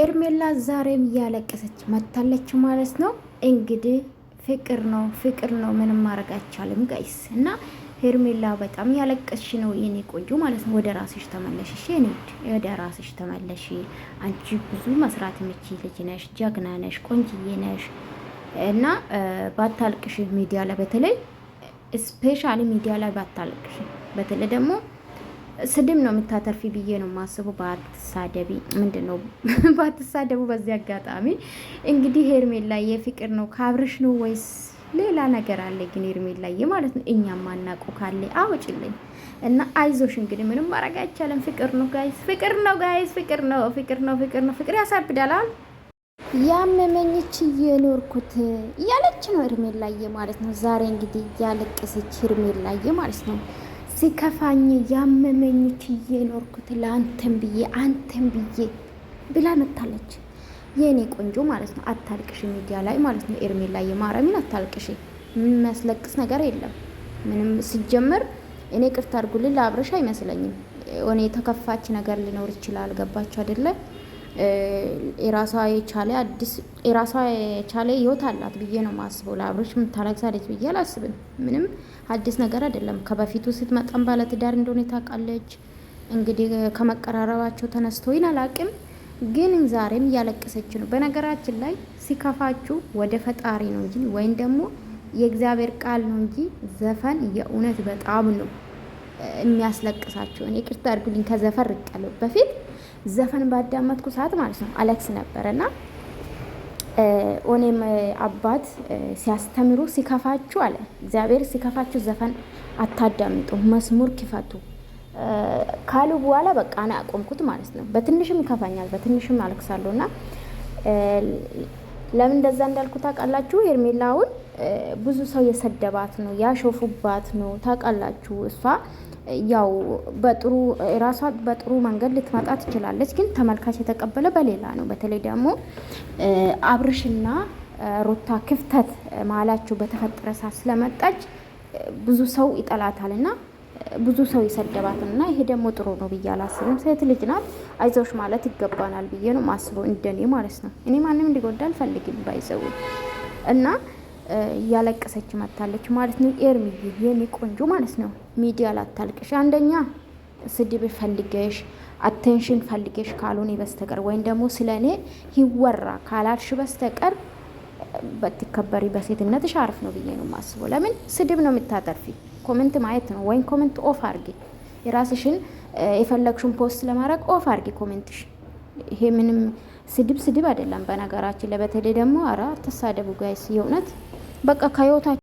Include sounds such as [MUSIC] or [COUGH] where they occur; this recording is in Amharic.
ኤርሜላ ዛሬም እያለቀሰች መታለች ማለት ነው። እንግዲህ ፍቅር ነው ፍቅር ነው፣ ምንም ማድረግ አይቻልም ጋይስ። እና ሄርሜላ በጣም ያለቀስሽ ነው የኔ ቆንጆ ማለት ነው። ወደ ራስሽ ተመለሽ እሺ፣ እኔ ወደ ራስሽ ተመለሽ። አንቺ ብዙ መስራት የምችል ልጅ ነሽ፣ ጀግና ነሽ፣ ቆንጅዬ ነሽ እና ባታልቅሽ ሚዲያ ላይ በተለይ ስፔሻል ሚዲያ ላይ ባታልቅሽ በተለይ ደግሞ ስድብ ነው የምታተርፊ ብዬ ነው ማስቡ። ባትሳደቢ ምንድን ነው [LAUGHS] ባትሳደቡ። በዚህ አጋጣሚ እንግዲህ ሄርሜላ የፍቅር ነው ካብርሽ ነው ወይስ ሌላ ነገር አለ? ግን ሄርሜላዬ ማለት ነው እኛም ማናቁ ካለ አውጭልኝ እና አይዞሽ። እንግዲህ ምንም ማድረግ አይቻልም። ፍቅር ነው ጋይስ፣ ፍቅር ነው ጋይስ፣ ፍቅር ነው፣ ፍቅር ነው፣ ፍቅር ነው። ፍቅር ያሳብዳላል። ያመመኝች የኖርኩት እያለች ነው ሄርሜላዬ ማለት ነው። ዛሬ እንግዲህ እያለቀሰች ሄርሜላዬ ማለት ነው ሲከፋኝ ያመመኝ ችዬ ኖርኩት ለአንተን ብዬ አንተን ብዬ ብላ መታለች። የእኔ ቆንጆ ማለት ነው። አታልቅሽ፣ ሚዲያ ላይ ማለት ነው። ኤርሜ ላይ የማረሚን አታልቅሽ። ምን የሚያስለቅስ ነገር የለም። ምንም ሲጀምር እኔ ቅርት አድርጉልን ለአብረሽ አይመስለኝም። እኔ የተከፋች ነገር ሊኖር ይችላል። ገባችሁ አይደለም? የራሷ የቻለ አዲስ የራሷ የቻለ ህይወት አላት ብዬ ነው ማስበው። ለአብረሽ ምታለቅሳለች ብዬ አላስብም። ምንም አዲስ ነገር አይደለም። ከበፊቱ ስትመጣም ባለትዳር እንደሆነ ታውቃለች። እንግዲህ ከመቀራረባቸው ተነስቶ አላቅም፣ ግን ዛሬም እያለቀሰች ነው። በነገራችን ላይ ሲከፋችሁ ወደ ፈጣሪ ነው እንጂ ወይም ደግሞ የእግዚአብሔር ቃል ነው እንጂ ዘፈን የእውነት በጣም ነው የሚያስለቅሳቸው እኔ ይቅርታ አድርጉልኝ፣ ከዘፈን ርቀለው በፊት ዘፈን ባዳመጥኩ ሰዓት ማለት ነው አለክስ ነበር እና ኦኔም አባት ሲያስተምሩ ሲከፋችሁ አለ እግዚአብሔር ሲከፋችሁ ዘፈን አታዳምጡ፣ መስሙር ክፈቱ ካሉ በኋላ በቃ እኔ አቆምኩት ማለት ነው። በትንሽም ይከፋኛል፣ በትንሽም አለቅሳለሁ እና ለምን እንደዛ እንዳልኩ ታውቃላችሁ? ሄርሜላውን ብዙ ሰው የሰደባት ነው ያሾፉባት ነው ታውቃላችሁ እሷ ያው በጥሩ ራሷ በጥሩ መንገድ ልትመጣ ትችላለች፣ ግን ተመልካች የተቀበለ በሌላ ነው። በተለይ ደግሞ አብርሽና ሩታ ክፍተት መሀላቸው በተፈጠረ ሰዓት ስለመጣች ብዙ ሰው ይጠላታል እና ብዙ ሰው ይሰደባት እና ይሄ ደግሞ ጥሩ ነው ብዬ አላስብም። ሴት ልጅ ናት፣ አይዞሽ ማለት ይገባናል ብዬ ነው ማስበው፣ እንደኔ ማለት ነው። እኔ ማንም እንዲጎዳ አልፈልግም ባይዘው እና እያለቀሰች መታለች ማለት ነው። ኤርሚዬ የኔ ቆንጆ ማለት ነው ሚዲያ ላታልቅሽ። አንደኛ ስድብ ፈልገሽ አቴንሽን ፈልገሽ ካልሆነ በስተቀር ወይም ደግሞ ስለ እኔ ይወራ ካላልሽ በስተቀር በትከበሪ በሴትነትሽ አሪፍ ነው ብዬ ነው የማስበው። ለምን ስድብ ነው የምታጠርፊ? ኮመንት ማየት ነው ወይም ኮመንት ኦፍ አርጊ። የራስሽን የፈለግሽን ፖስት ለማድረግ ኦፍ አርጊ ኮመንትሽ። ይሄ ምንም ስድብ ስድብ አይደለም። በነገራችን ለበተለይ ደግሞ አራ ተሳደቡ ጋይስ የእውነት በቃ ከህይወታቸው